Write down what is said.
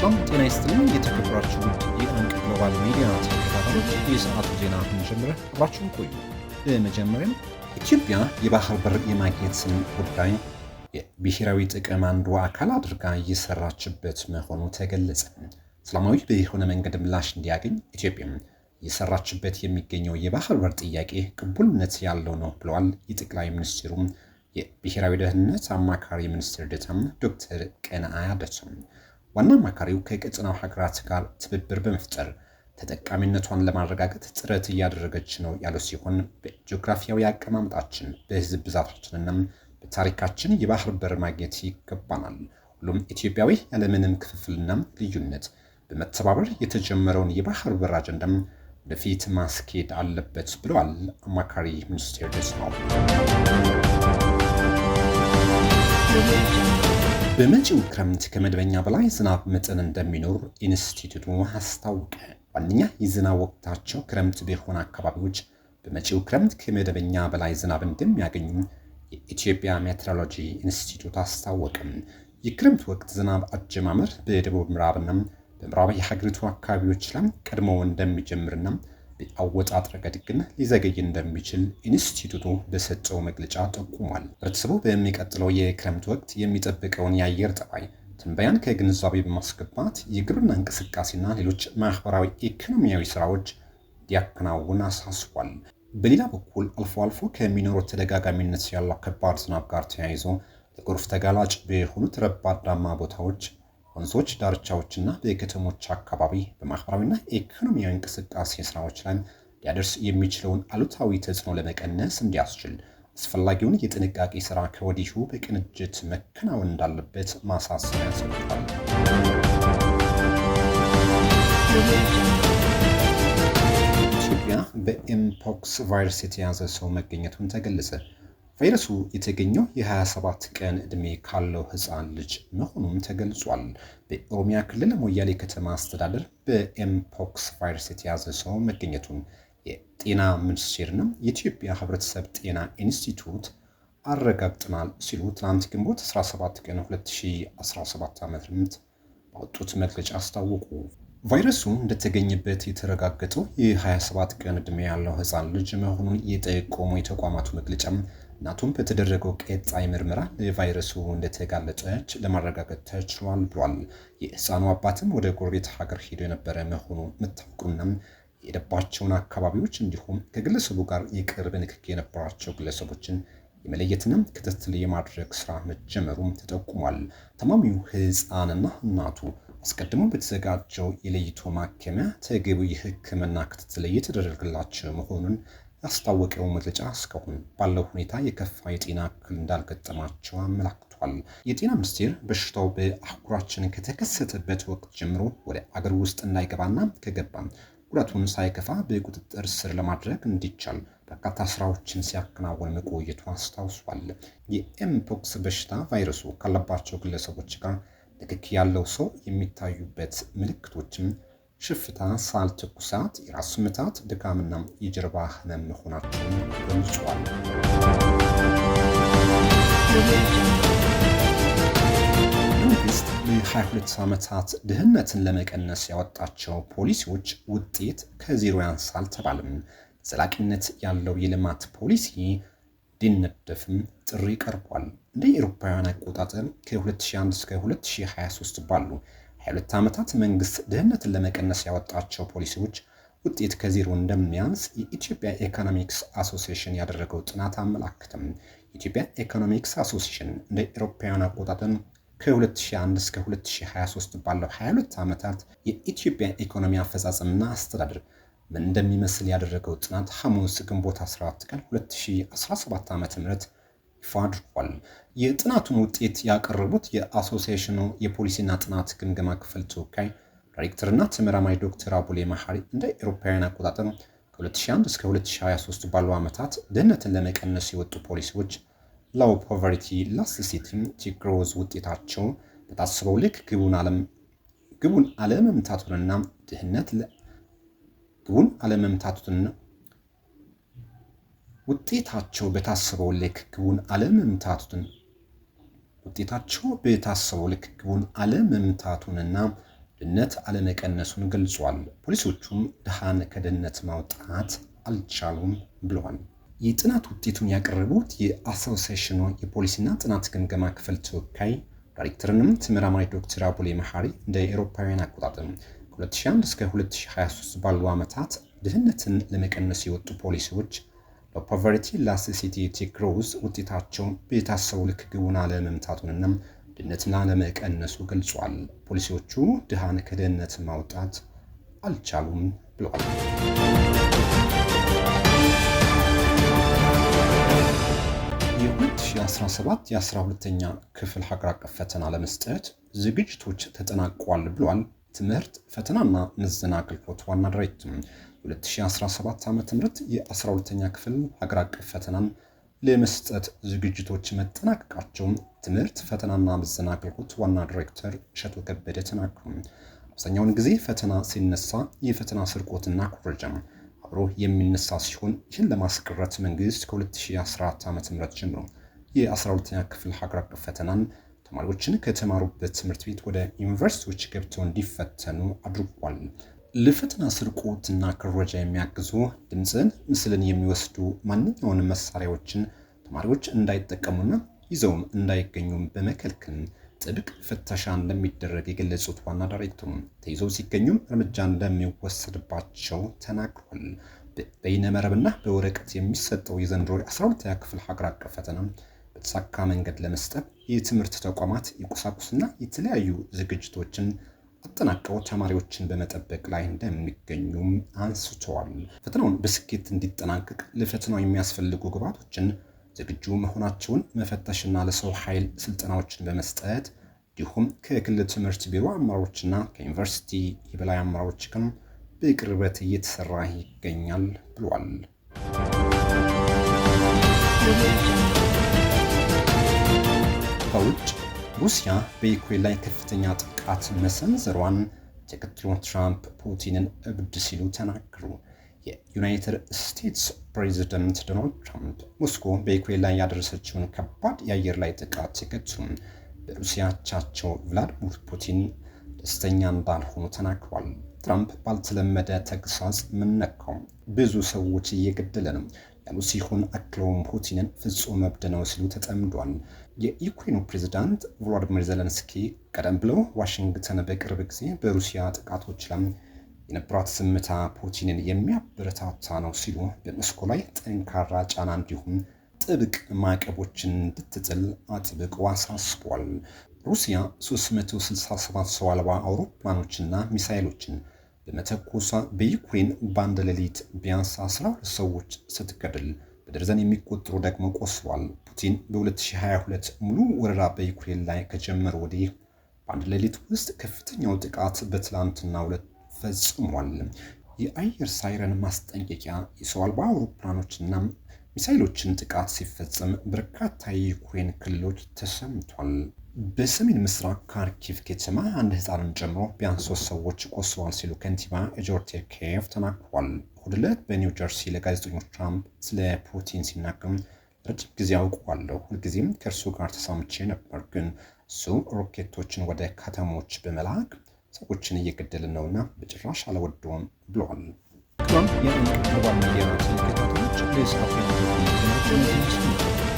ሰላም ጤና ይስጥልኝ። የተከበራችሁ ውድ የአንቅ ግሎባል ሚዲያ ተከታታዮች የሰዓቱ ዜና መጀመሪያ አብራችሁን ቆዩ። በመጀመሪያም ኢትዮጵያ የባህር በር የማግኘት የማግኘትን ጉዳይ የብሔራዊ ጥቅም አንዱ አካል አድርጋ እየሰራችበት መሆኑ ተገለጸ። ሰላማዊ በሆነ መንገድ ምላሽ እንዲያገኝ ኢትዮጵያ እየሰራችበት የሚገኘው የባህር በር ጥያቄ ቅቡልነት ያለው ነው ብለዋል የጠቅላይ ሚኒስትሩ የብሔራዊ ደህንነት አማካሪ ሚኒስትር ዴኤታ ዶክተር ቀነዓ አዱኛ። ዋና አማካሪው ከቀጠናው ሀገራት ጋር ትብብር በመፍጠር ተጠቃሚነቷን ለማረጋገጥ ጥረት እያደረገች ነው ያሉ ሲሆን በጂኦግራፊያዊ አቀማመጣችን፣ በህዝብ ብዛታችንና በታሪካችን የባህር በር ማግኘት ይገባናል። ሁሉም ኢትዮጵያዊ ያለምንም ክፍፍልና ልዩነት በመተባበር የተጀመረውን የባህር በር አጀንዳም ወደፊት ማስኬድ አለበት ብለዋል አማካሪ ሚኒስቴር ደስማው። በመጪው ክረምት ከመደበኛ በላይ ዝናብ መጠን እንደሚኖር ኢንስቲትዩቱ አስታወቀ። ዋነኛ የዝናብ ወቅታቸው ክረምት በሆነ አካባቢዎች በመጪው ክረምት ከመደበኛ በላይ ዝናብ እንደሚያገኙ የኢትዮጵያ ሜትሮሎጂ ኢንስቲትዩት አስታወቅም። የክረምት ወቅት ዝናብ አጀማመር በደቡብ ምዕራብና በምዕራብ የሀገሪቱ አካባቢዎች ላይ ቀድሞ እንደሚጀምርና አወጣጥ ረገድ ግን ሊዘገይ እንደሚችል ኢንስቲቱቱ በሰጠው መግለጫ ጠቁሟል። ህብረተሰቡ በሚቀጥለው የክረምት ወቅት የሚጠብቀውን የአየር ጠባይ ትንበያን ከግንዛቤ በማስገባት የግብርና እንቅስቃሴና ሌሎች ማህበራዊ ኢኮኖሚያዊ ስራዎች ሊያከናውን አሳስቧል። በሌላ በኩል አልፎ አልፎ ከሚኖረው ተደጋጋሚነት ያለው ከባድ ዝናብ ጋር ተያይዞ ለጎርፍ ተጋላጭ በሆኑት ረባዳማ ቦታዎች ወንዞች ዳርቻዎችና በከተሞች አካባቢ በማኅበራዊና ኢኮኖሚያዊ እንቅስቃሴ ስራዎች ላይ ሊያደርስ የሚችለውን አሉታዊ ተጽዕኖ ለመቀነስ እንዲያስችል አስፈላጊውን የጥንቃቄ ስራ ከወዲሁ በቅንጅት መከናወን እንዳለበት ማሳሰቢያ ሰጥቷል። ኢትዮጵያ በኤምፖክስ ቫይረስ የተያዘ ሰው መገኘቱን ተገለጸ። ቫይረሱ የተገኘው የ27 ቀን ዕድሜ ካለው ህፃን ልጅ መሆኑም ተገልጿል። በኦሮሚያ ክልል ሞያሌ ከተማ አስተዳደር በኤምፖክስ ቫይረስ የተያዘ ሰው መገኘቱን የጤና ሚኒስቴርና የኢትዮጵያ ህብረተሰብ ጤና ኢንስቲትዩት አረጋግጠናል ሲሉ ትናንት ግንቦት 17 ቀን 2017 ዓ ም ባወጡት መግለጫ አስታወቁ። ቫይረሱ እንደተገኘበት የተረጋገጠው የ27 ቀን ዕድሜ ያለው ህፃን ልጅ መሆኑን የጠቆሙ የተቋማቱ መግለጫም እናቱም በተደረገው ቀጣይ ምርመራ ለቫይረሱ እንደተጋለጠች ለማረጋገጥ ተችሏል ብሏል። የህፃኑ አባትም ወደ ጎረቤት ሀገር ሄዶ የነበረ መሆኑ መታወቁና የሄደባቸውን አካባቢዎች እንዲሁም ከግለሰቡ ጋር የቅርብ ንክክ የነበራቸው ግለሰቦችን የመለየትና ክትትል የማድረግ ስራ መጀመሩም ተጠቁሟል። ታማሚው ህፃንና እናቱ አስቀድሞ በተዘጋጀው የለይቶ ማከሚያ ተገቢ የህክምና ክትትል እየተደረገላቸው መሆኑን ያስታወቀው መግለጫ እስካሁን ባለው ሁኔታ የከፋ የጤና እክል እንዳልገጠማቸው አመላክቷል። የጤና ሚኒስቴር በሽታው በአህጉራችን ከተከሰተበት ወቅት ጀምሮ ወደ አገር ውስጥ እንዳይገባና ከገባ ጉዳቱን ሳይከፋ በቁጥጥር ስር ለማድረግ እንዲቻል በርካታ ስራዎችን ሲያከናውን መቆየቱ አስታውሷል። የኤምፖክስ በሽታ ቫይረሱ ካለባቸው ግለሰቦች ጋር ንክኪ ያለው ሰው የሚታዩበት ምልክቶችም ሽፍታ፣ ሳል፣ ትኩሳት፣ የራስ ምታት፣ ድካምና የጀርባ ህመም መሆናቸውን ገልጿል። መንግስት ለ22 ዓመታት ድህነትን ለመቀነስ ያወጣቸው ፖሊሲዎች ውጤት ከዜሮ ያንሳል ተባለም። ዘላቂነት ያለው የልማት ፖሊሲ ሊነደፍም ጥሪ ቀርቧል። እንደ አውሮፓውያን አቆጣጠር ከ2001 እስከ 2023 ባሉ ሁለት ዓመታት መንግስት ድህነትን ለመቀነስ ያወጣቸው ፖሊሲዎች ውጤት ከዜሮ እንደሚያንስ የኢትዮጵያ ኢኮኖሚክስ አሶሲሽን ያደረገው ጥናት አመላክትም። የኢትዮጵያ ኢኮኖሚክስ አሶሲሽን እንደ ኤሮፓውያን አቆጣጠር ከ2001 እስከ 2023 ባለው 22 ዓመታት የኢትዮጵያ ኢኮኖሚ አፈጻጸምና አስተዳደር ምን እንደሚመስል ያደረገው ጥናት ሐሙስ ግንቦት 14 ቀን 2017 ዓ.ም ይፋ አድርጓል። የጥናቱን ውጤት ያቀረቡት የአሶሲሽኑ የፖሊሲና ጥናት ግምገማ ክፍል ተወካይ ዳይሬክተርና ተመራማሪ ዶክተር አቡሌ መሐሪ እንደ ኤሮፓውያን አቆጣጠር ከ2001 እስከ 2023 ባለው ዓመታት ድህነትን ለመቀነስ የወጡ ፖሊሲዎች ላው ፖቨርቲ ላስት ሲቲ ቱ ውጤታቸው በታስበው ልክ ግቡን አለመምታቱንና ድህነት ግቡን አለመምታቱንና ውጤታቸው በታስበው ልክ ግቡን አለመምታቱን ውጤታቸው በታሰበው ልክ ግቡን አለመምታቱንና ድህነት አለመቀነሱን ገልጿል። ፖሊሶቹም ድሃን ከድህነት ማውጣት አልቻሉም ብለዋል። የጥናት ውጤቱን ያቀረቡት የአሶሲሽኑ የፖሊሲና ጥናት ግምገማ ክፍል ተወካይ ዳይሬክተርንም ተመራማሪ ዶክተር አቡሌ መሐሪ እንደ ኤሮፓውያን አቆጣጠር ከ2001 እስከ 2023 ባሉ ዓመታት ድህነትን ለመቀነስ የወጡ ፖሊሲዎች በፖቨርቲ ላስ ላስሲቲ ቲክሮዝ ውጤታቸውን በታሰበው ልክ ግቡን አለመምታቱንና ድህነትን አለመቀነሱ ገልጿል። ፖሊሲዎቹ ድሃን ከድህነት ማውጣት አልቻሉም ብለዋል። የ2017 የ12ኛ ክፍል ሀገር አቀፍ ፈተና ለመስጠት ዝግጅቶች ተጠናቋል ብለዋል ትምህርት ፈተናና ምዘና አገልግሎት ዋና ዳይሬክተር 2017 ዓ.ም የ12ኛ ክፍል ሀገር አቀፍ ፈተናን ለመስጠት ዝግጅቶች መጠናቀቃቸውን ትምህርት ፈተናና ምዘና አገልግሎት ዋና ዲሬክተር እሸቱ ከበደ ተናገሩ። አብዛኛውን ጊዜ ፈተና ሲነሳ የፈተና ስርቆትና ኩረጃም አብሮ የሚነሳ ሲሆን ይህን ለማስቀረት መንግስት ከ2014 ዓ.ም ጀምሮ የ12ኛ ክፍል ሀገር አቀፍ ፈተናን ተማሪዎችን ከተማሩበት ትምህርት ቤት ወደ ዩኒቨርሲቲዎች ገብተው እንዲፈተኑ አድርጓል። ለፈተና ስርቆት እና የሚያግዙ ድምፅን፣ ምስልን የሚወስዱ ማንኛውንም መሳሪያዎችን ተማሪዎች እንዳይጠቀሙና ይዘውም እንዳይገኙም በመከልከል ጥብቅ ፍተሻ እንደሚደረግ የገለጹት ዋና ዳይሬክተሩ ተይዘው ሲገኙም እርምጃ እንደሚወሰድባቸው ተናግሯል። በይነመረብና በወረቀት የሚሰጠው የዘንድሮ 12ኛ ክፍል ሀገር አቀፍ ፈተና በተሳካ መንገድ ለመስጠት የትምህርት ተቋማት የቁሳቁስና የተለያዩ ዝግጅቶችን አጠናቀው ተማሪዎችን በመጠበቅ ላይ እንደሚገኙም አንስተዋል። ፈተናውን በስኬት እንዲጠናቀቅ ለፈተናው የሚያስፈልጉ ግብዓቶችን ዝግጁ መሆናቸውን መፈተሽና ለሰው ኃይል ስልጠናዎችን በመስጠት እንዲሁም ከክልል ትምህርት ቢሮ አመራሮችና ከዩኒቨርሲቲ የበላይ አመራሮች ጋር በቅርበት እየተሰራ ይገኛል ብሏል። ከውጭ ሩሲያ በዩክሬን ላይ ከፍተኛ ጥቃት መሰንዘሯን ተከትሎ ትራምፕ ፑቲንን እብድ ሲሉ ተናገሩ። የዩናይትድ ስቴትስ ፕሬዚደንት ዶናልድ ትራምፕ ሞስኮ በዩክሬን ላይ ያደረሰችውን ከባድ የአየር ላይ ጥቃት ተከትሎ በሩሲያ አቻቸው ቭላድሚር ፑቲን ደስተኛ እንዳልሆኑ ተናግሯል። ትራምፕ ባልተለመደ ተግሳጽ ምነካው ብዙ ሰዎች እየገደለ ነው ሲሆን አክለውም ፑቲንን ፍጹም መብት ነው ሲሉ ተጠምዷል። የዩክሬኑ ፕሬዝዳንት ቮሎዲሚር ዘለንስኪ ቀደም ብለው ዋሽንግተን በቅርብ ጊዜ በሩሲያ ጥቃቶች ላይ የነበራት ዝምታ ፑቲንን የሚያበረታታ ነው ሲሉ በሞስኮ ላይ ጠንካራ ጫና እንዲሁም ጥብቅ ማዕቀቦችን እንድትጥል አጥብቆ አሳስቧል። ሩሲያ 367 ሰው አልባ አውሮፕላኖችና ሚሳይሎችን በመተኮሷ በዩክሬን በአንድ ሌሊት ቢያንስ 12 ሰዎች ስትገድል በደርዘን የሚቆጠሩ ደግሞ ቆስሏል። ፑቲን በ2022 ሙሉ ወረራ በዩክሬን ላይ ከጀመረ ወዲህ በአንድ ሌሊት ውስጥ ከፍተኛው ጥቃት በትላንትና ሁለት ፈጽሟል። የአየር ሳይረን ማስጠንቀቂያ፣ የሰው አልባ አውሮፕላኖችና ሚሳይሎችን ጥቃት ሲፈጽም በርካታ የዩክሬን ክልሎች ተሰምቷል። በሰሜን ምስራቅ ካርኪቭ ከተማ አንድ ህፃንን ጨምሮ ቢያንስ ሶስት ሰዎች ቆስለዋል ሲሉ ከንቲባ ኢጎር ኬቭ ተናግሯል። እሁድ ዕለት በኒው ጀርሲ ለጋዜጠኞች ትራምፕ ስለ ፑቲን ሲናገም ረጅም ጊዜ አውቀዋለሁ፣ ሁልጊዜም ከእርሱ ጋር ተሳምቼ ነበር፣ ግን እሱ ሮኬቶችን ወደ ከተሞች በመላክ ሰዎችን እየገደል ነውና በጭራሽ አልወደውም ብለዋል። ትራምፕ